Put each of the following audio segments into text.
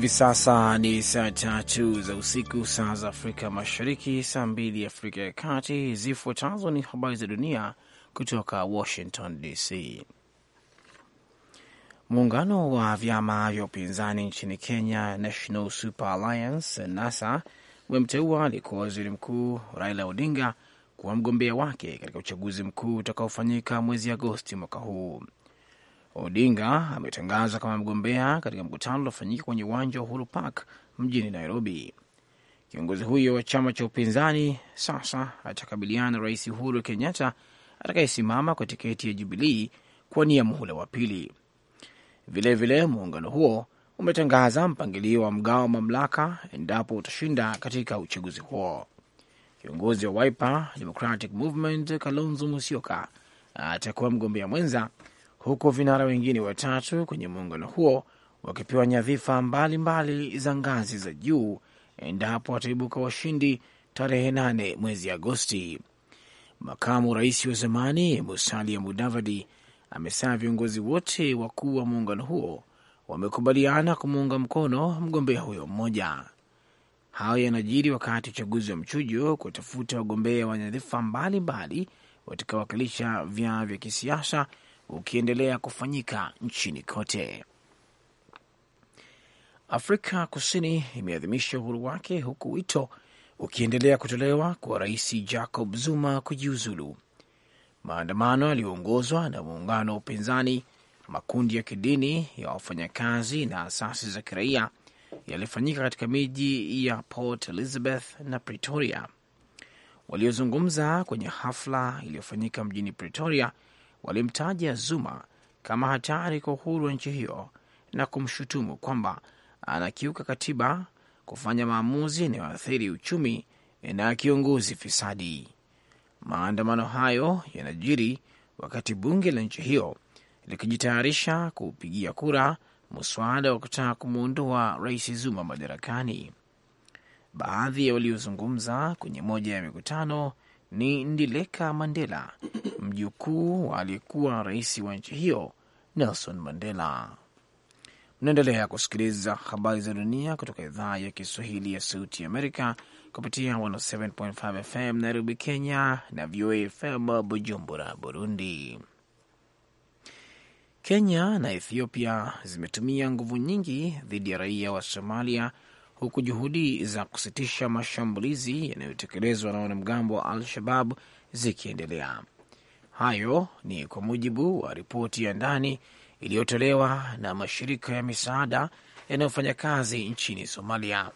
Hivi sasa ni saa tatu za usiku, saa za Afrika Mashariki, saa mbili Afrika ya Kati. Zifuatazo ni habari za dunia kutoka Washington DC. Muungano wa vyama vya upinzani nchini Kenya, National Super Alliance NASA, umemteua aliyekuwa waziri mkuu Raila Odinga kuwa mgombea wake katika uchaguzi mkuu utakaofanyika mwezi Agosti mwaka huu. Odinga ametangaza kama mgombea katika mkutano uliofanyika kwenye uwanja wa Uhuru Park mjini Nairobi. Kiongozi huyo wa chama cha upinzani sasa atakabiliana na Rais Uhuru Kenyatta atakayesimama kwa tiketi ya Jubilii kuwania muhula wa pili. Vilevile, muungano huo umetangaza mpangilio wa mgao wa mamlaka endapo utashinda katika uchaguzi huo. Kiongozi wa Wiper Democratic Movement Kalonzo Musyoka atakuwa mgombea mwenza huku vinara wengine watatu kwenye muungano huo wakipewa nyadhifa mbalimbali za ngazi za juu endapo wataibuka washindi tarehe nane mwezi Agosti. Makamu rais wa zamani Musalia Mudavadi amesema viongozi wote wakuu wa muungano huo wamekubaliana kumuunga mkono mgombea huyo mmoja. Hayo yanajiri wakati uchaguzi wa mchujo kutafuta wagombea wa nyadhifa mbalimbali watakaowakilisha vyama vya kisiasa ukiendelea kufanyika nchini kote. Afrika Kusini imeadhimisha uhuru wake huku wito ukiendelea kutolewa kwa Rais Jacob Zuma kujiuzulu. Maandamano yaliyoongozwa na muungano wa upinzani, makundi ya kidini ya wafanyakazi na asasi za kiraia yalifanyika katika miji ya Port Elizabeth na Pretoria. Waliozungumza kwenye hafla iliyofanyika mjini Pretoria walimtaja Zuma kama hatari kwa uhuru wa nchi hiyo na kumshutumu kwamba anakiuka katiba, kufanya maamuzi yanayoathiri uchumi na kiongozi fisadi. Maandamano hayo yanajiri wakati bunge la nchi hiyo likijitayarisha kupigia kura mswada wa kutaka kumwondoa rais Zuma madarakani. Baadhi ya waliozungumza kwenye moja ya mikutano ni Ndileka Mandela, mjukuu wa aliyekuwa rais wa nchi hiyo Nelson Mandela. Mnaendelea kusikiliza habari za dunia kutoka idhaa ya Kiswahili ya Sauti Amerika kupitia 107.5 FM Nairobi, Kenya na VOA FM Bujumbura, Burundi. Kenya na Ethiopia zimetumia nguvu nyingi dhidi ya raia wa Somalia huku juhudi za kusitisha mashambulizi yanayotekelezwa na wanamgambo wa Al-Shabab zikiendelea. Hayo ni kwa mujibu wa ripoti ya ndani iliyotolewa na mashirika ya misaada yanayofanya kazi nchini Somalia.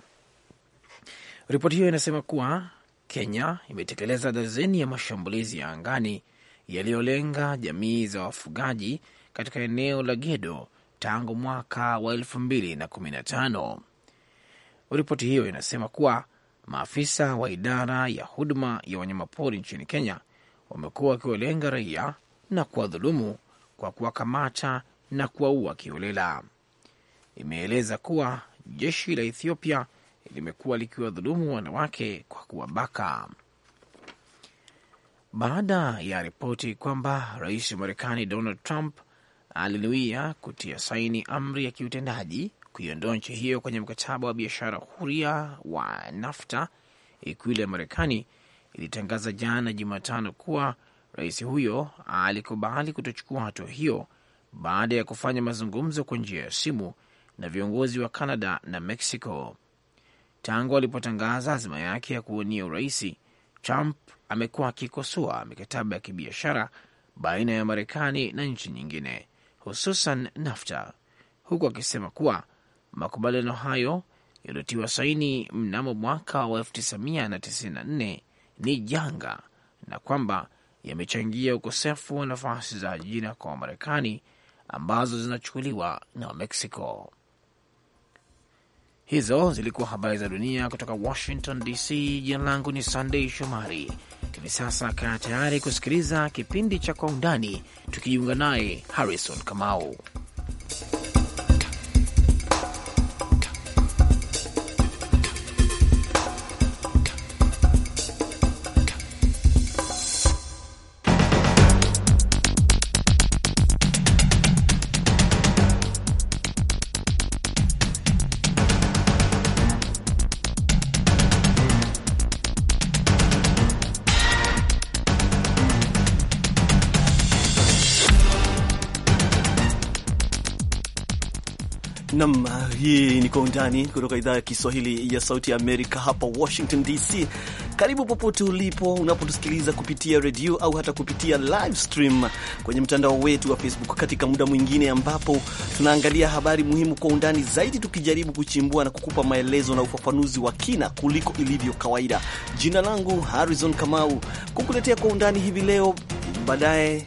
Ripoti hiyo inasema kuwa Kenya imetekeleza dazeni ya mashambulizi ya angani yaliyolenga jamii za wafugaji katika eneo la Gedo tangu mwaka wa tano Ripoti hiyo inasema kuwa maafisa wa idara ya huduma ya wanyamapori nchini Kenya wamekuwa wakiwalenga raia na kuwadhulumu kwa kuwakamata na kuwaua kiholela. Imeeleza kuwa jeshi la Ethiopia limekuwa likiwadhulumu wanawake kwa kuwabaka. Baada ya ripoti kwamba rais wa Marekani Donald Trump alinuia kutia saini amri ya kiutendaji kuiondoa nchi hiyo kwenye mkataba wa biashara huria wa NAFTA. Ikulu ya Marekani ilitangaza jana Jumatano kuwa rais huyo alikubali kutochukua hatua hiyo baada ya kufanya mazungumzo kwa njia ya simu na viongozi wa Canada na Mexico. Tangu alipotangaza azima yake ya kuwania uraisi, Trump amekuwa akikosoa mikataba ya kibiashara baina ya Marekani na nchi nyingine, hususan NAFTA, huku akisema kuwa Makubaliano hayo yaliyotiwa saini mnamo mwaka wa 1994 ni janga na kwamba yamechangia ukosefu wa nafasi za ajira kwa Wamarekani ambazo zinachukuliwa na Wameksiko. Hizo zilikuwa habari za dunia kutoka Washington DC. Jina langu ni Sandei Shomari. Hivi sasa kaa tayari kusikiliza kipindi cha Kwa Undani, tukijiunga naye Harrison Kamau. Kwa Undani kutoka idhaa ya Kiswahili ya Sauti ya Amerika hapa Washington DC. Karibu popote ulipo unapotusikiliza kupitia redio au hata kupitia live stream kwenye mtandao wetu wa Facebook, katika muda mwingine ambapo tunaangalia habari muhimu kwa undani zaidi, tukijaribu kuchimbua na kukupa maelezo na ufafanuzi wa kina kuliko ilivyo kawaida. Jina langu Harrison Kamau, kukuletea Kwa Undani hivi leo. Baadaye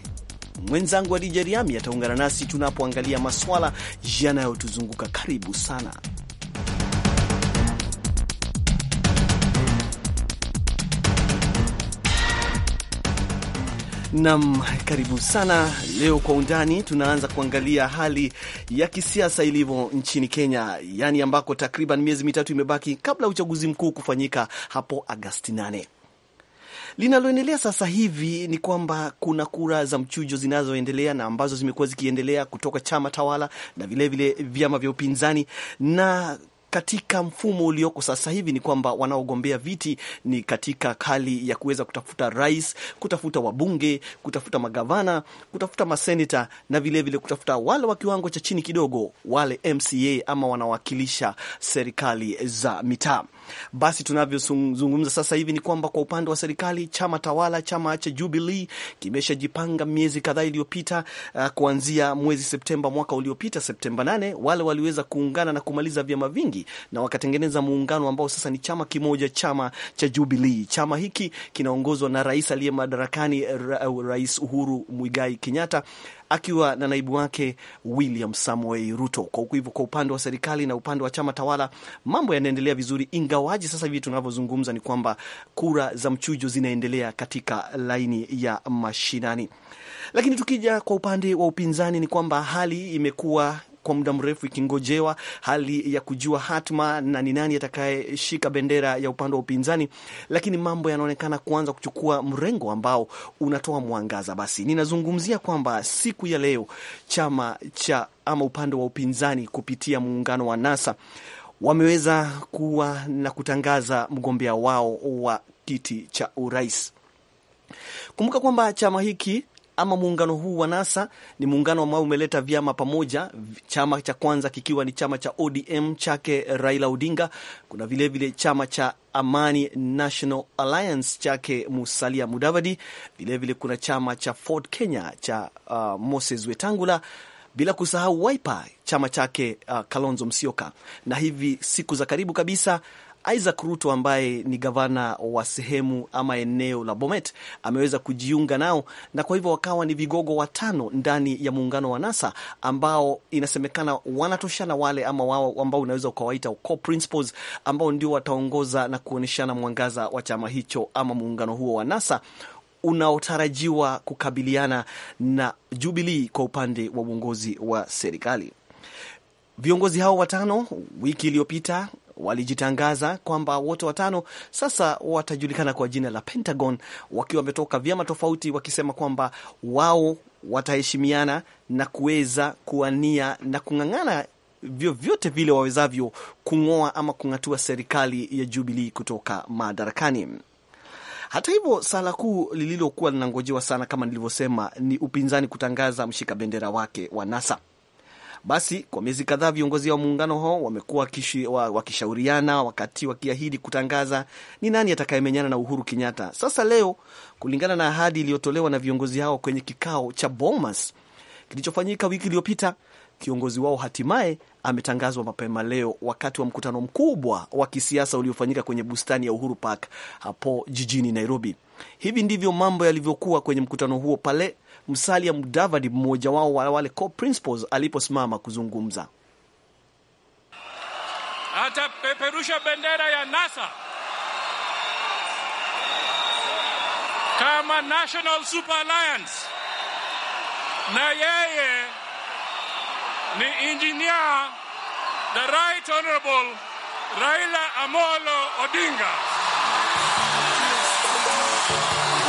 mwenzangu Adija Riami ataungana nasi tunapoangalia maswala yanayotuzunguka. Karibu sana. Nam, karibu sana. Leo kwa undani tunaanza kuangalia hali ya kisiasa ilivyo nchini Kenya, yaani ambako takriban miezi mitatu imebaki kabla uchaguzi mkuu kufanyika hapo Agasti 8. Linaloendelea sasa hivi ni kwamba kuna kura za mchujo zinazoendelea na ambazo zimekuwa zikiendelea kutoka chama tawala na vilevile vile vyama vya upinzani na katika mfumo ulioko sasa hivi ni kwamba wanaogombea viti ni katika hali ya kuweza kutafuta rais, kutafuta wabunge, kutafuta magavana, kutafuta maseneta na vilevile vile kutafuta wale wa kiwango cha chini kidogo, wale MCA ama wanawakilisha serikali za mitaa. Basi tunavyozungumza sasa hivi ni kwamba kwa upande wa serikali, chama tawala, chama cha Jubilee kimeshajipanga miezi kadhaa iliyopita, uh, kuanzia mwezi Septemba mwaka uliopita, Septemba nane wale waliweza kuungana na kumaliza vyama vingi na wakatengeneza muungano ambao sasa ni chama kimoja, chama cha Jubilee. Chama hiki kinaongozwa na rais aliye madarakani, uh, Rais Uhuru Muigai Kenyatta akiwa na naibu wake William Samoei Ruto. Kwa hivyo kwa upande wa serikali na upande wa chama tawala mambo yanaendelea vizuri, ingawaji sasa hivi tunavyozungumza ni kwamba kura za mchujo zinaendelea katika laini ya mashinani. Lakini tukija kwa upande wa upinzani ni kwamba hali imekuwa kwa muda mrefu ikingojewa hali ya kujua hatma na ni nani atakayeshika bendera ya upande wa upinzani, lakini mambo yanaonekana kuanza kuchukua mrengo ambao unatoa mwangaza. Basi ninazungumzia kwamba siku ya leo chama cha ama upande wa upinzani kupitia muungano wa NASA wameweza kuwa na kutangaza mgombea wao wa kiti cha urais. Kumbuka kwamba chama hiki ama muungano huu wa NASA ni muungano ambao umeleta vyama pamoja, chama cha kwanza kikiwa ni chama cha ODM chake Raila Odinga. Kuna vilevile vile chama cha Amani National Alliance chake Musalia Mudavadi, vilevile vile kuna chama cha Ford Kenya cha uh, Moses Wetangula, bila kusahau Wiper chama chake uh, Kalonzo Musyoka, na hivi siku za karibu kabisa Isaac Ruto ambaye ni gavana wa sehemu ama eneo la Bomet ameweza kujiunga nao, na kwa hivyo wakawa ni vigogo watano ndani ya muungano wa NASA ambao inasemekana wanatoshana wale ama wao ambao unaweza ukawaita co-principals ambao ndio wataongoza na kuonyeshana mwangaza wa chama hicho ama muungano huo wa NASA unaotarajiwa kukabiliana na Jubilee kwa upande wa uongozi wa serikali. Viongozi hao watano wiki iliyopita walijitangaza kwamba wote watano sasa watajulikana kwa jina la Pentagon, wakiwa wametoka vyama tofauti, wakisema kwamba wao wataheshimiana na kuweza kuwania na kung'ang'ana vyovyote vile wawezavyo kung'oa ama kung'atua serikali ya Jubilii kutoka madarakani. Hata hivyo, sala kuu lililokuwa linangojewa sana, kama nilivyosema, ni upinzani kutangaza mshika bendera wake wa NASA. Basi kwa miezi kadhaa viongozi wa muungano huo wamekuwa wakishauriana wakati wakiahidi kutangaza ni nani atakayemenyana na Uhuru Kenyatta. Sasa leo, kulingana na ahadi iliyotolewa na viongozi hao kwenye kikao cha Bomas kilichofanyika wiki iliyopita, kiongozi wao hatimaye ametangazwa mapema leo wakati wa mkutano mkubwa wa kisiasa uliofanyika kwenye bustani ya Uhuru Park hapo jijini Nairobi. Hivi ndivyo mambo yalivyokuwa kwenye mkutano huo pale Musalia Mudavadi, mmoja wao wa wale principals aliposimama kuzungumza. Atapeperusha bendera ya NASA kama National Super Alliance, na yeye ni injinia the Right Honorable Raila Amolo Odinga.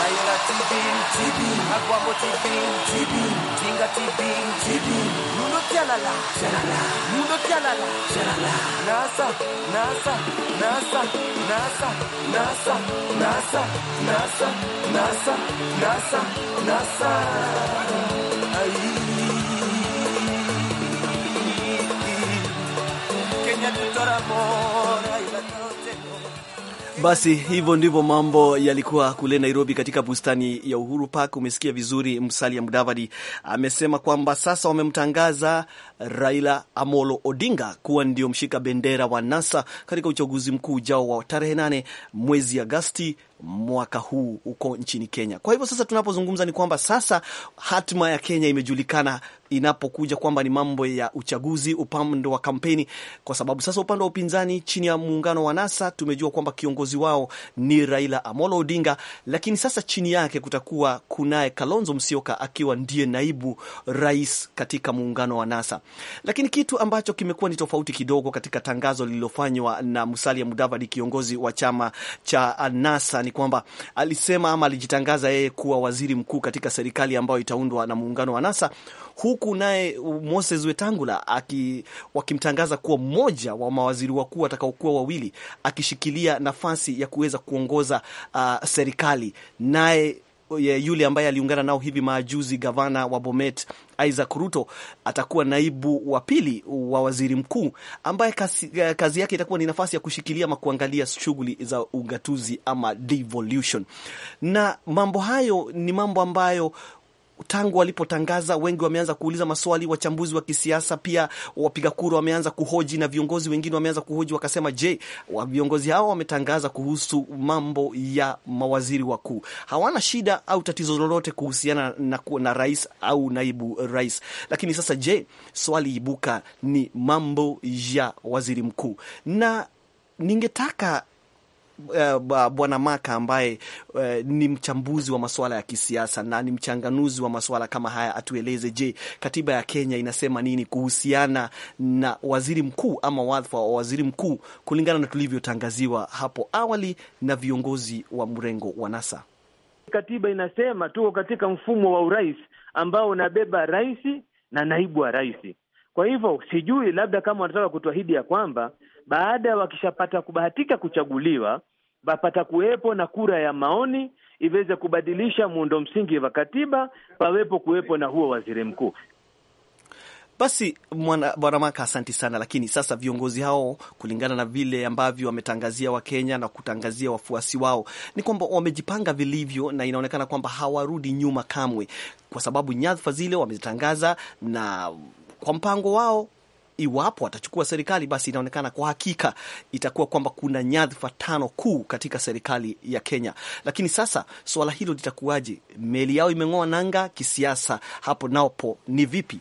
Laila Tibin, Tibin, Akwambo Tibin, Tibin, Tinga Tibin, Tibin, Mundo Tialala, Tialala, Mundo Tialala, Tialala, NASA, NASA, NASA, NASA, NASA, NASA, NASA, NASA, NASA, NASA, NASA, Basi hivyo ndivyo mambo yalikuwa kule Nairobi katika bustani ya Uhuru Park. Umesikia vizuri, Musalia Mudavadi amesema kwamba sasa wamemtangaza Raila Amolo Odinga kuwa ndio mshika bendera wa NASA katika uchaguzi mkuu ujao wa tarehe nane mwezi Agasti mwaka huu huko nchini Kenya. Kwa hivyo sasa tunapozungumza ni kwamba sasa hatima ya Kenya imejulikana inapokuja kwamba ni mambo ya uchaguzi, upande wa kampeni, kwa sababu sasa upande wa upinzani chini ya muungano wa NASA tumejua kwamba kiongozi wao ni Raila Amolo Odinga, lakini sasa chini yake kutakuwa kunaye Kalonzo Musyoka akiwa ndiye naibu rais katika muungano wa NASA. Lakini kitu ambacho kimekuwa ni tofauti kidogo katika tangazo lililofanywa na Musalia Mudavadi, kiongozi wa chama cha NASA, ni kwamba alisema ama alijitangaza yeye kuwa waziri mkuu katika serikali ambayo itaundwa na muungano wa NASA, huku naye Moses Wetangula aki, wakimtangaza kuwa mmoja wa mawaziri wakuu watakaokuwa wawili, akishikilia nafasi ya kuweza kuongoza uh, serikali naye yule ambaye aliungana nao hivi majuzi, gavana wa Bomet Isaac Ruto atakuwa naibu wa pili wa waziri mkuu ambaye kazi, eh, kazi yake itakuwa ni nafasi ya kushikilia ama kuangalia shughuli za ugatuzi ama devolution. Na mambo hayo ni mambo ambayo tangu walipotangaza, wengi wameanza kuuliza maswali, wachambuzi wa kisiasa pia wapiga kura wameanza kuhoji, na viongozi wengine wameanza kuhoji, wakasema, je, viongozi hao wametangaza kuhusu mambo ya mawaziri wakuu, hawana shida au tatizo lolote kuhusiana na, na rais au naibu rais. Lakini sasa, je, swali ibuka ni mambo ya waziri mkuu, na ningetaka uh, Bwana Maka ambaye uh, ni mchambuzi wa masuala ya kisiasa na ni mchanganuzi wa masuala kama haya, atueleze, je, katiba ya Kenya inasema nini kuhusiana na waziri mkuu ama wadhifa wa waziri mkuu kulingana na tulivyotangaziwa hapo awali na viongozi wa mrengo wa NASA? Katiba inasema tuko katika mfumo wa urais ambao unabeba rais na naibu wa rais. Kwa hivyo sijui, labda kama wanataka kutuahidi ya kwamba baada wakishapata kubahatika kuchaguliwa bapata kuwepo na kura ya maoni iweze kubadilisha muundo msingi wa katiba, pawepo kuwepo na huo waziri mkuu. Basi bwana Maka, asanti sana. Lakini sasa viongozi hao, kulingana na vile ambavyo wametangazia Wakenya na kutangazia wafuasi wao, ni kwamba wamejipanga vilivyo, na inaonekana kwamba hawarudi nyuma kamwe, kwa sababu nyadhifa zile wamezitangaza na kwa mpango wao iwapo atachukua serikali, basi inaonekana kwa hakika itakuwa kwamba kuna nyadhifa tano kuu katika serikali ya Kenya. Lakini sasa swala hilo litakuwaje? Meli yao imeng'oa nanga kisiasa, hapo naopo ni vipi?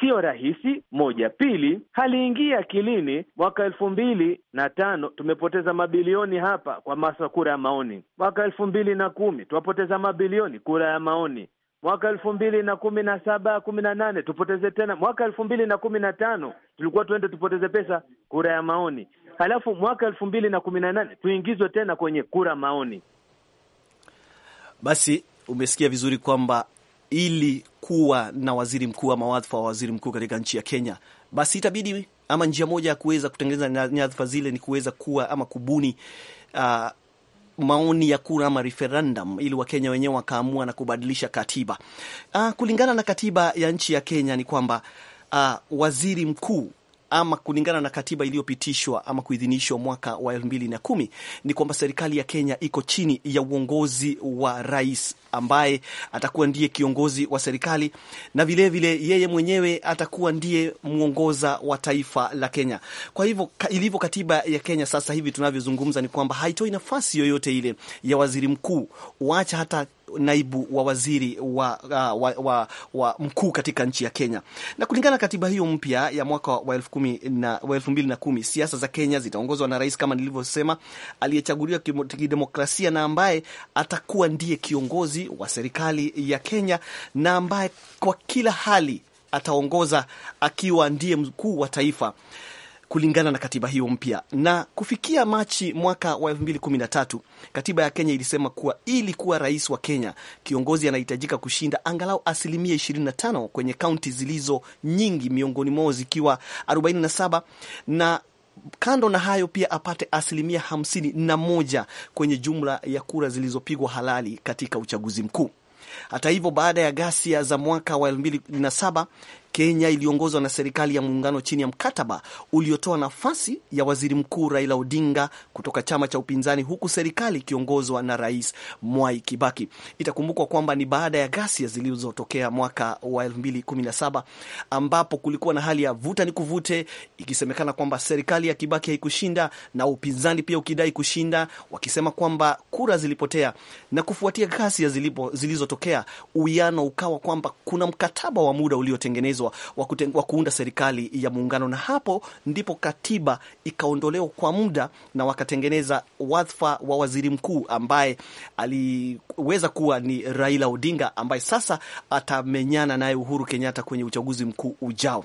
Sio rahisi moja. Pili, haliingia akilini. Mwaka elfu mbili na tano tumepoteza mabilioni hapa kwa masa kura ya maoni. Mwaka elfu mbili na kumi tuwapoteza mabilioni kura ya maoni mwaka elfu mbili na kumi na saba kumi na nane tupoteze tena. Mwaka elfu mbili na kumi na tano tulikuwa tuende tupoteze pesa kura ya maoni, halafu mwaka elfu mbili na kumi na nane tuingizwe tena kwenye kura maoni. Basi umesikia vizuri kwamba ili kuwa na waziri mkuu ama wadhifa wa waziri mkuu katika nchi ya Kenya, basi itabidi ama njia moja ya kuweza kutengeneza nyadhifa zile ni kuweza kuwa ama kubuni uh, maoni ya kura ama referendum, ili Wakenya wenyewe wakaamua na kubadilisha katiba. Uh, kulingana na katiba ya nchi ya Kenya ni kwamba uh, waziri mkuu ama kulingana na katiba iliyopitishwa ama kuidhinishwa mwaka wa elfu mbili na kumi ni kwamba serikali ya Kenya iko chini ya uongozi wa rais ambaye atakuwa ndiye kiongozi wa serikali na vilevile vile yeye mwenyewe atakuwa ndiye mwongoza wa taifa la Kenya. Kwa hivyo ilivyo katiba ya Kenya sasa hivi tunavyozungumza, ni kwamba haitoi nafasi yoyote ile ya waziri mkuu, waacha hata naibu wa waziri wa, wa, uh, wa, wa, wa mkuu katika nchi ya Kenya. Na kulingana na katiba hiyo mpya ya mwaka wa elfu kumi na, elfu mbili na kumi, siasa za Kenya zitaongozwa na rais kama nilivyosema, aliyechaguliwa kidemokrasia na ambaye atakuwa ndiye kiongozi wa serikali ya Kenya na ambaye kwa kila hali ataongoza akiwa ndiye mkuu wa taifa kulingana na katiba hiyo mpya. Na kufikia Machi mwaka wa tatu, katiba ya Kenya ilisema kuwa ili kuwa rais wa Kenya, kiongozi anahitajika kushinda angalau asilimia 25 kwenye kaunti zilizo nyingi, miongoni mwao zikiwa 47 na kando na hayo pia apate asilimia hamsini na moja kwenye jumla ya kura zilizopigwa halali katika uchaguzi mkuu. Hata hivyo, baada ya ghasia za mwaka wa elfu mbili na saba Kenya iliongozwa na serikali ya muungano chini ya mkataba uliotoa nafasi ya waziri mkuu Raila Odinga kutoka chama cha upinzani, huku serikali ikiongozwa na Rais Mwai Kibaki. Itakumbukwa kwamba ni baada ya ghasia zilizotokea mwaka wa 2017 ambapo kulikuwa na hali ya vuta ni kuvute, ikisemekana kwamba serikali ya Kibaki haikushinda na upinzani pia ukidai kushinda, wakisema kwamba kura zilipotea. Na kufuatia ghasia zilizotokea, uwiano ukawa kwamba kuna mkataba wa muda uliotengenezwa ulipendekezwa wa, wa kuunda serikali ya muungano, na hapo ndipo katiba ikaondolewa kwa muda na wakatengeneza wadhifa wa waziri mkuu ambaye aliweza kuwa ni Raila Odinga ambaye sasa atamenyana naye Uhuru Kenyatta kwenye uchaguzi mkuu ujao.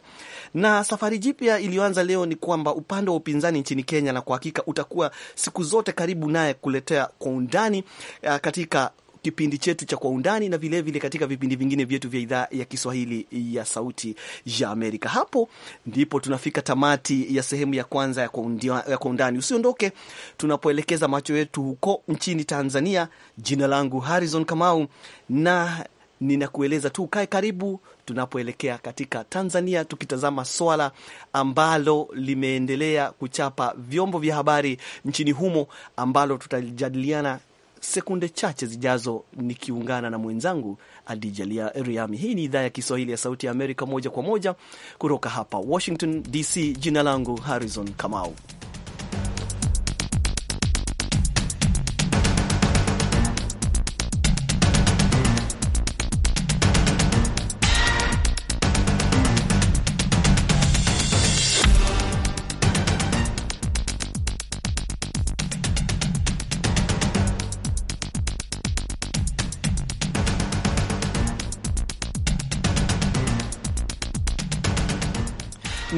Na safari jipya iliyoanza leo ni kwamba upande wa upinzani nchini Kenya, na kwa hakika utakuwa siku zote karibu naye kuletea kwa undani eh, katika kipindi chetu cha Kwa Undani na vilevile vile katika vipindi vingine vyetu vya idhaa ya Kiswahili ya Sauti ya Amerika. Hapo ndipo tunafika tamati ya sehemu ya kwanza ya Kwa Undani, ya Kwa Undani. Usiondoke tunapoelekeza macho yetu huko nchini Tanzania. Jina langu Harrison Kamau na ninakueleza tu ukae karibu tunapoelekea katika Tanzania, tukitazama swala ambalo limeendelea kuchapa vyombo vya habari nchini humo ambalo tutajadiliana sekunde chache zijazo nikiungana na mwenzangu Adija Riami. Hii ni idhaa ya Kiswahili ya Sauti ya Amerika, moja kwa moja kutoka hapa Washington DC. Jina langu Harrison Kamau.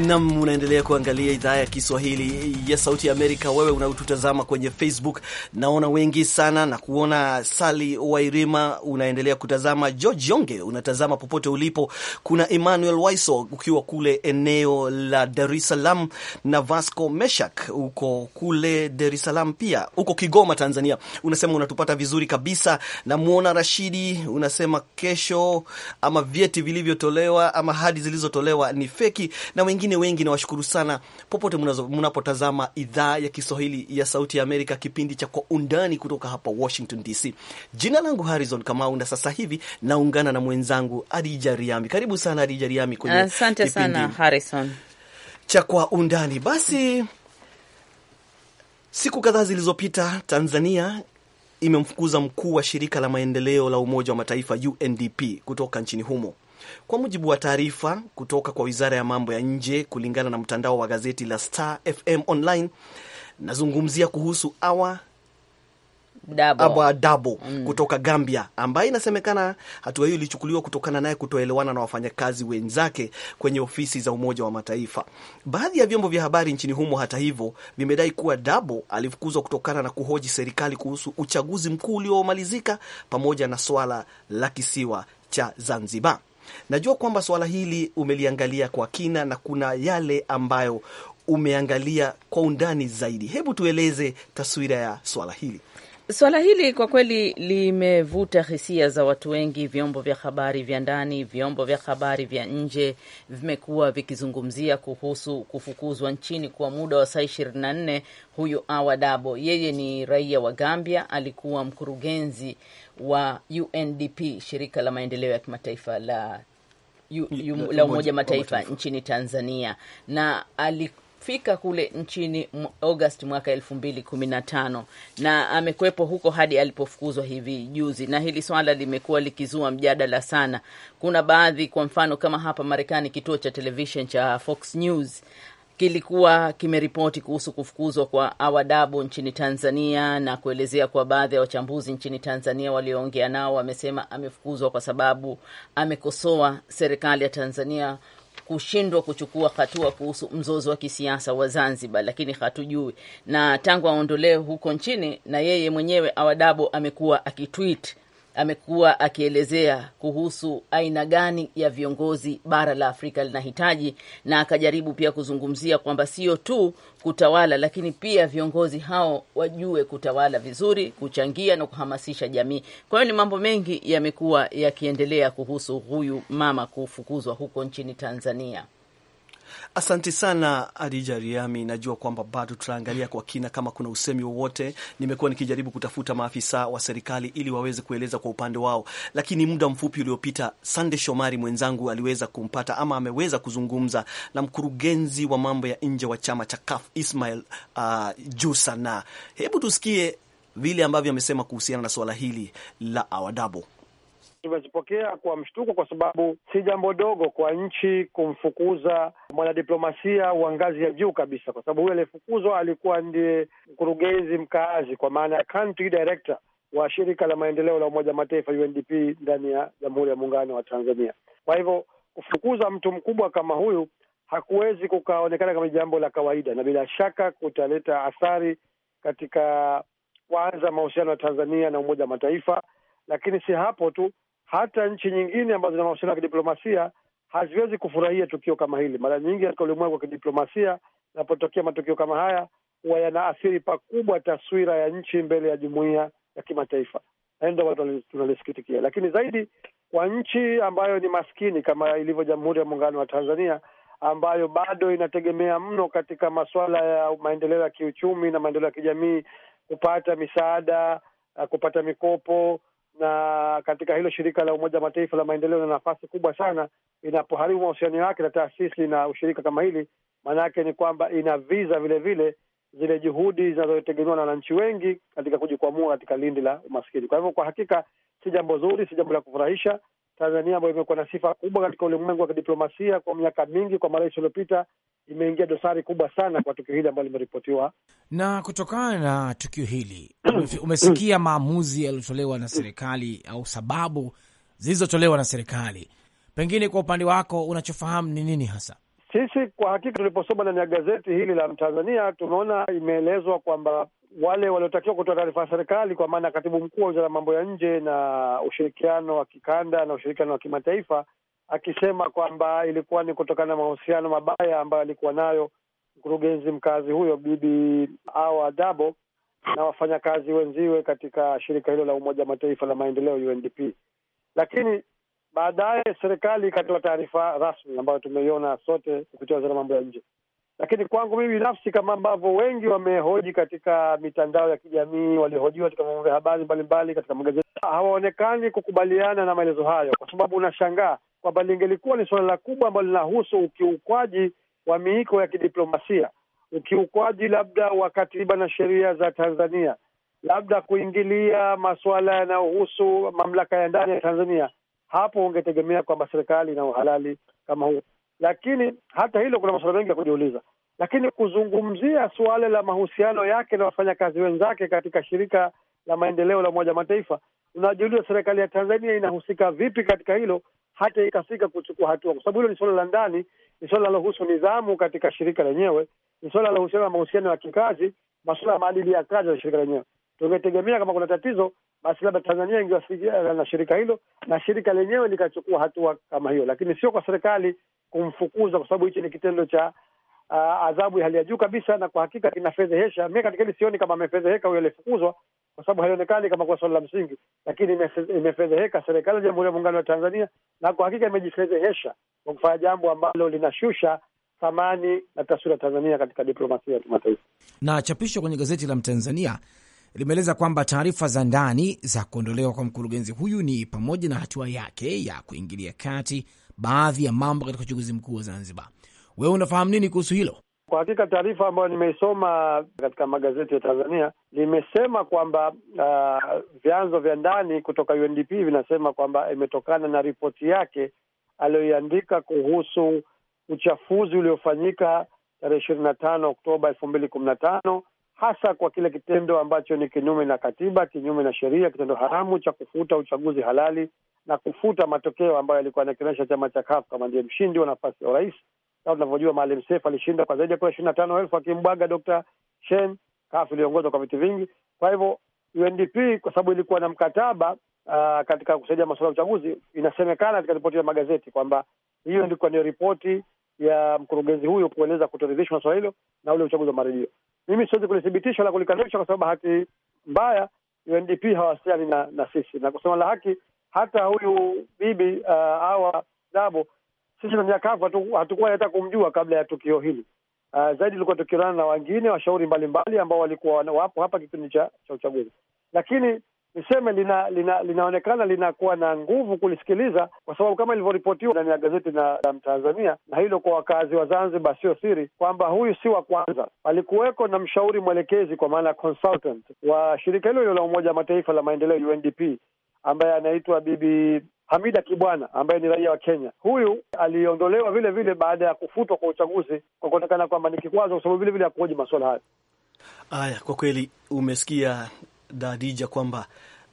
Nam, unaendelea kuangalia idhaa ya Kiswahili ya Sauti ya Amerika. Wewe unaotutazama kwenye Facebook, naona wengi sana na kuona Sali Wairima unaendelea kutazama, George Yonge unatazama popote ulipo. Kuna Emmanuel Waiso ukiwa kule eneo la Dar es Salaam na Vasco Meshak uko kule Dar es Salaam, pia uko Kigoma Tanzania, unasema unatupata vizuri kabisa. Namwona Rashidi unasema kesho ama vyeti vilivyotolewa ama hadi zilizotolewa ni feki na wengine wengi nawashukuru sana popote mnapotazama idhaa ya Kiswahili ya Sauti ya Amerika, kipindi cha Kwa Undani kutoka hapa Washington DC. Jina langu Harrison Kamau na sasa hivi naungana na mwenzangu Adija Riami. Karibu sana Adija Riami kwenye asante sana Harrison cha Kwa Undani. Basi siku kadhaa zilizopita Tanzania imemfukuza mkuu wa shirika la maendeleo la Umoja wa Mataifa UNDP kutoka nchini humo. Kwa mujibu wa taarifa kutoka kwa wizara ya mambo ya nje, kulingana na mtandao wa gazeti la Star FM Online, nazungumzia kuhusu awa Dabo, mm, kutoka Gambia ambaye inasemekana hatua hiyo ilichukuliwa kutokana naye kutoelewana na wafanyakazi wenzake kwenye ofisi za Umoja wa Mataifa. Baadhi ya vyombo vya habari nchini humo, hata hivyo, vimedai kuwa Dabo alifukuzwa kutokana na kuhoji serikali kuhusu uchaguzi mkuu uliomalizika pamoja na swala la kisiwa cha Zanzibar. Najua kwamba suala hili umeliangalia kwa kina na kuna yale ambayo umeangalia kwa undani zaidi. Hebu tueleze taswira ya swala hili. Swala hili kwa kweli limevuta hisia za watu wengi. Vyombo vya habari vya ndani, vyombo vya habari vya nje vimekuwa vikizungumzia kuhusu kufukuzwa nchini kwa muda wa saa ishirini na nne huyu Awadabo. Yeye ni raia wa Gambia, alikuwa mkurugenzi wa UNDP, shirika la maendeleo ya kimataifa la, la Umoja Mataifa nchini Tanzania na fika kule nchini August mwaka elfu mbili kumi na tano na huko hadi alipofukuzwa hivi juzi, na hili swala limekuwa likizua mjadala sana. Kuna baadhi, kwa mfano kama hapa Marekani, kituo cha televishen cha Fox News kilikuwa kimeripoti kuhusu kufukuzwa kwa Awadabu nchini Tanzania na kuelezea kwa baadhi ya wachambuzi nchini Tanzania walioongea nao, wamesema amefukuzwa kwa sababu amekosoa serikali ya Tanzania kushindwa kuchukua hatua kuhusu mzozo wa kisiasa wa Zanzibar, lakini hatujui. Na tangu aondolewe huko nchini, na yeye mwenyewe Awadabo amekuwa akitweet amekuwa akielezea kuhusu aina gani ya viongozi bara la Afrika linahitaji, na akajaribu pia kuzungumzia kwamba sio tu kutawala, lakini pia viongozi hao wajue kutawala vizuri, kuchangia na kuhamasisha jamii. Kwa hiyo ni mambo mengi yamekuwa yakiendelea kuhusu huyu mama kufukuzwa huko nchini Tanzania. Asante sana Adija Riami, najua kwamba bado tutaangalia kwa kina kama kuna usemi wowote. Nimekuwa nikijaribu kutafuta maafisa wa serikali ili waweze kueleza kwa upande wao, lakini muda mfupi uliopita Sande Shomari mwenzangu aliweza kumpata ama ameweza kuzungumza na mkurugenzi wa mambo ya nje wa chama cha CUF Ismail uh, Jusana. Hebu tusikie vile ambavyo amesema kuhusiana na suala hili la Awadabo. Tumezipokea kwa mshtuko, kwa sababu si jambo dogo kwa nchi kumfukuza mwanadiplomasia wa ngazi ya juu kabisa, kwa sababu huyu aliyefukuzwa alikuwa ndiye mkurugenzi mkaazi, kwa maana ya country director wa shirika la maendeleo la Umoja Mataifa UNDP ndani ya Jamhuri ya Muungano wa Tanzania. Kwa hivyo kufukuza mtu mkubwa kama huyu hakuwezi kukaonekana kama jambo la kawaida, na bila shaka kutaleta athari katika kwanza mahusiano ya Tanzania na Umoja wa Mataifa, lakini si hapo tu, hata nchi nyingine ambazo zina mahusiano ya kidiplomasia haziwezi kufurahia tukio kama hili. Mara nyingi katika ulimwengu wa kidiplomasia, inapotokea matukio kama haya, huwa yanaathiri pakubwa taswira ya nchi mbele ya jumuiya ya kimataifa, na ndio watu tunalisikitikia. Lakini zaidi kwa nchi ambayo ni maskini kama ilivyo Jamhuri ya Muungano wa Tanzania, ambayo bado inategemea mno katika masuala ya maendeleo ya kiuchumi na maendeleo ya kijamii, kupata misaada, kupata mikopo na katika hilo shirika la Umoja Mataifa la maendeleo na nafasi kubwa sana. Inapoharibu mahusiano yake na taasisi na ushirika kama hili, maana yake ni kwamba ina vile vile zile juhudi zinazotegemewa na wananchi wengi katika kujikwamua katika lindi la umaskini. Kwa hivyo, kwa hakika si jambo zuri, si jambo la kufurahisha, Tanzania ambayo imekuwa na sifa kubwa katika ulimwengu wa kidiplomasia kwa miaka mingi, kwa marais uliopita, imeingia dosari kubwa sana kwa tukio hili ambalo limeripotiwa. Na kutokana na tukio hili umesikia maamuzi yaliyotolewa na serikali au sababu zilizotolewa na serikali, pengine kwa upande wako unachofahamu ni nini hasa? Sisi kwa hakika tuliposoma ndani ya gazeti hili la Mtanzania tumeona imeelezwa kwamba wale waliotakiwa kutoa taarifa ya serikali kwa maana ya katibu mkuu wa wizara ya mambo ya nje na ushirikiano wa kikanda na ushirikiano wa kimataifa, akisema kwamba ilikuwa ni kutokana na mahusiano mabaya ambayo alikuwa nayo mkurugenzi mkazi huyo Bibi Awa Dabo na wafanyakazi wenziwe katika shirika hilo la Umoja Mataifa la maendeleo UNDP. Lakini baadaye serikali ikatoa taarifa rasmi ambayo tumeiona sote kupitia wizara ya mambo ya nje. Lakini kwangu mimi binafsi, kama ambavyo wengi wamehoji katika mitandao ya kijamii, waliohojiwa katika vyombo vya habari mbalimbali, katika magazeti, hawaonekani kukubaliana na maelezo hayo, kwa sababu unashangaa kwamba lingelikuwa ni suala kubwa ambalo linahusu ukiukwaji wa miiko ya kidiplomasia, ukiukwaji labda wa katiba na sheria za Tanzania, labda kuingilia masuala yanayohusu mamlaka ya ndani ya Tanzania, hapo ungetegemea kwamba serikali ina uhalali kama huu. Lakini hata hilo kuna masuala mengi ya kujiuliza, lakini kuzungumzia suala la mahusiano yake na wafanyakazi wenzake katika shirika la maendeleo la Umoja Mataifa, unajiuliza serikali ya Tanzania inahusika vipi katika hilo, hata ikafika kuchukua hatua, kwa sababu hilo ni suala la ndani, ni suala linalohusu nidhamu katika shirika lenyewe, ni suala linalohusiana na mahusiano ya kikazi, masuala ya maadili ya kazi ya shirika lenyewe tungetegemea kama kuna tatizo basi labda Tanzania ingewasiliana na shirika hilo na shirika lenyewe likachukua hatua kama hiyo, lakini sio kwa serikali kumfukuza, kwa sababu hichi ni kitendo cha uh, adhabu ya hali ya juu kabisa, na kwa hakika kinafedhehesha. Mi katika hili sioni kama amefedheheka huyo aliyefukuzwa, kwa sababu haionekani kama kuwa swala la msingi, lakini imefedheheka serikali ya Jamhuri ya Muungano wa Tanzania, na kwa hakika imejifedhehesha kwa kufanya jambo ambalo linashusha thamani na taswira ya Tanzania katika diplomasia ya kimataifa. Na chapisho kwenye gazeti la Mtanzania limeeleza kwamba taarifa za ndani za kuondolewa kwa mkurugenzi huyu ni pamoja na hatua yake ya kuingilia kati baadhi ya mambo katika uchaguzi mkuu wa Zanzibar. Wewe unafahamu nini kuhusu hilo? Kwa hakika taarifa ambayo nimeisoma katika magazeti ya Tanzania limesema kwamba uh, vyanzo vya ndani kutoka UNDP vinasema kwamba imetokana na ripoti yake aliyoiandika kuhusu uchafuzi uliofanyika tarehe ishirini na tano Oktoba elfu mbili kumi na tano hasa kwa kile kitendo ambacho ni kinyume na katiba, kinyume na sheria, kitendo haramu cha kufuta uchaguzi halali na kufuta matokeo ambayo yalikuwa yanakionyesha chama cha Kafu kama ndiye mshindi wa nafasi ya urais. Kama tunavyojua, Maalim Seif alishinda kwa zaidi ya kura ishirini na tano elfu akimbwaga Dr. Shein. Kafu iliongoza kwa viti vingi. Kwa hivyo UNDP kwa sababu ilikuwa na mkataba uh, katika kusaidia masuala ya uchaguzi, inasemekana katika ripoti ya magazeti kwamba hiyo ndikuwa ni ripoti ya mkurugenzi huyo kueleza kutoridhishwa na swala hilo na ule uchaguzi wa marudio. Mimi siwezi kulithibitisha la kulikanusha, kwa sababu bahati mbaya UNDP hawasiani na, na sisi na kusema la haki, hata huyu bibi uh, awa Dabo sisi na Nyakavu hatukuwa hata kumjua kabla ya tukio hili. Uh, zaidi ilikuwa tukionana na wengine washauri mbalimbali ambao walikuwa wapo hapa kipindi cha uchaguzi, lakini niseme lina, lina, linaonekana linakuwa na nguvu kulisikiliza, kwa sababu kama ilivyoripotiwa ndani ya gazeti na la Mtanzania, na hilo kwa wakazi wa Zanzibar sio siri kwamba huyu si wa kwanza. Palikuweko na mshauri mwelekezi, kwa maana consultant wa shirika hilo hilo la Umoja wa Mataifa la maendeleo UNDP, ambaye anaitwa Bibi Hamida Kibwana ambaye ni raia wa Kenya. Huyu aliondolewa vile vile baada ya kufutwa kwa uchaguzi kwa kuonekana kwamba ni kikwazo, kwa sababu vile vile hakuhoji hayo. Haya, kwa kweli umesikia Dadija kwamba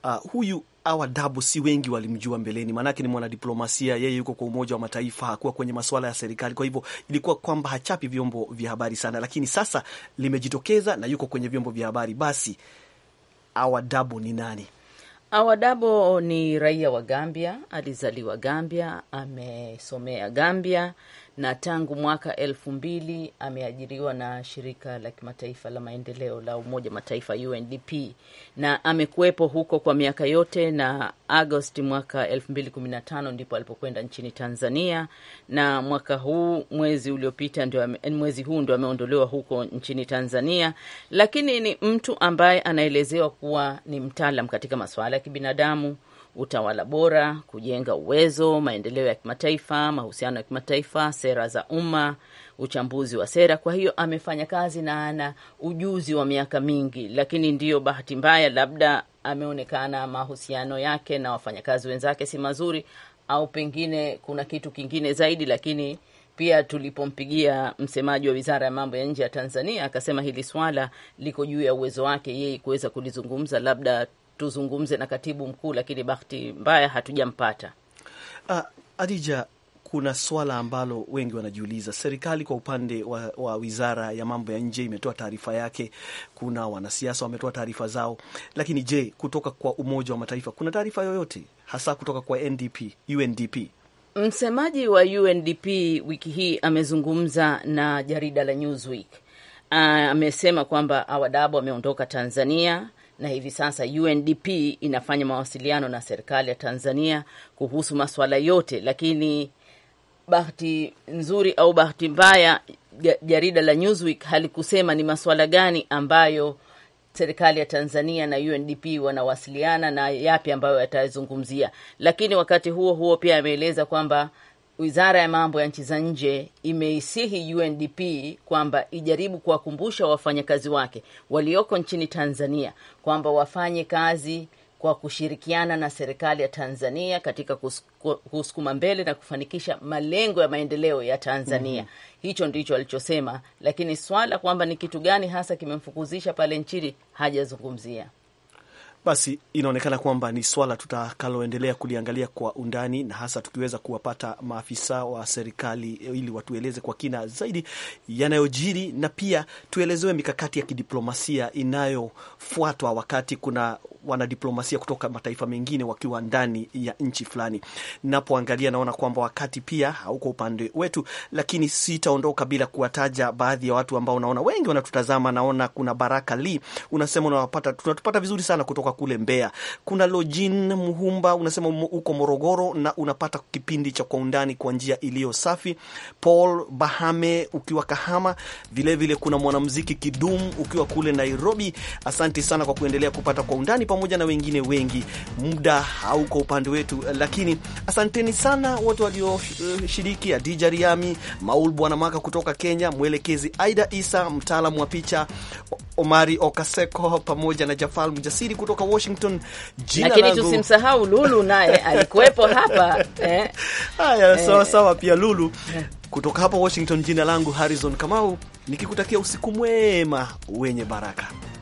uh, huyu awadabu si wengi walimjua mbeleni, maanake ni mwanadiplomasia yeye, yuko kwa Umoja wa Mataifa, hakuwa kwenye masuala ya serikali. Kwa hivyo ilikuwa kwamba hachapi vyombo vya habari sana, lakini sasa limejitokeza na yuko kwenye vyombo vya habari. Basi awadabu ni nani? Awadabo ni raia wa Gambia, alizaliwa Gambia, amesomea Gambia na tangu mwaka elfu mbili ameajiriwa na shirika la kimataifa la maendeleo la Umoja Mataifa UNDP, na amekuwepo huko kwa miaka yote, na Agosti mwaka elfu mbili kumi na tano ndipo alipokwenda nchini Tanzania, na mwaka huu mwezi uliopita ndio, mwezi huu ndio ameondolewa huko nchini Tanzania, lakini ni mtu ambaye anaelezewa kuwa ni mtaalam katika masuala ya kibinadamu utawala bora, kujenga uwezo, maendeleo ya kimataifa, mahusiano ya kimataifa, sera za umma, uchambuzi wa sera. Kwa hiyo amefanya kazi na ana ujuzi wa miaka mingi, lakini ndiyo bahati mbaya, labda ameonekana mahusiano yake na wafanyakazi wenzake si mazuri, au pengine kuna kitu kingine zaidi. Lakini pia tulipompigia msemaji wa wizara ya mambo ya nje ya Tanzania, akasema hili swala liko juu ya uwezo wake yeye kuweza kulizungumza, labda tuzungumze na katibu mkuu, lakini bahati mbaya hatujampata. Uh, Adija, kuna swala ambalo wengi wanajiuliza. Serikali kwa upande wa, wa wizara ya mambo ya nje imetoa taarifa yake, kuna wanasiasa wametoa taarifa zao, lakini je, kutoka kwa Umoja wa Mataifa kuna taarifa yoyote hasa kutoka kwa NDP, UNDP? Msemaji wa UNDP wiki hii amezungumza na jarida la Newsweek, ah, amesema kwamba Awadabu ameondoka Tanzania na hivi sasa UNDP inafanya mawasiliano na serikali ya Tanzania kuhusu masuala yote, lakini bahati nzuri au bahati mbaya, jarida la Newsweek halikusema ni masuala gani ambayo serikali ya Tanzania na UNDP wanawasiliana na yapi ambayo yatazungumzia, lakini wakati huo huo pia ameeleza kwamba wizara ya mambo ya nchi za nje imeisihi UNDP kwamba ijaribu kuwakumbusha wafanyakazi wake walioko nchini Tanzania kwamba wafanye kazi kwa kushirikiana na serikali ya Tanzania katika kusukuma mbele na kufanikisha malengo ya maendeleo ya Tanzania. mm -hmm. Hicho ndicho alichosema, lakini swala kwamba ni kitu gani hasa kimemfukuzisha pale nchini hajazungumzia. Basi inaonekana kwamba ni swala tutakaloendelea kuliangalia kwa undani, na hasa tukiweza kuwapata maafisa wa serikali ili watueleze kwa kina zaidi yanayojiri, na pia tuelezewe mikakati ya kidiplomasia inayofuatwa wakati kuna wanadiplomasia kutoka mataifa mengine wakiwa ndani ya nchi fulani. Napoangalia naona kwamba wakati pia hauko upande wetu, lakini sitaondoka bila kuwataja baadhi ya watu ambao naona wengi wanatutazama. Naona kuna Baraka Lee unasema unawapata, tunatupata vizuri sana kutoka kule Mbeya. Kuna Lojin Muhumba unasema uko Morogoro na unapata kipindi cha Kwa Undani kwa njia iliyo safi. Paul Bahame ukiwa Kahama vilevile vile, kuna mwanamuziki Kidum ukiwa kule Nairobi. Asante sana kwa kuendelea kupata Kwa Undani pamoja na wengine wengi. Muda hauko upande wetu, lakini asanteni sana watu walioshiriki, Adija Riami, Maul Bwanamaka kutoka Kenya, mwelekezi Aida Isa, mtaalamu wa picha Omari Okaseko pamoja na Jafal Mjasiri kutoka Washington. Jina lakini langu... tusimsahau Lulu naye alikuwepo hapa eh. Haya, eh. Sawa sawa, pia Lulu kutoka hapa Washington. Jina langu Harrison Kamau, nikikutakia usiku mwema wenye baraka.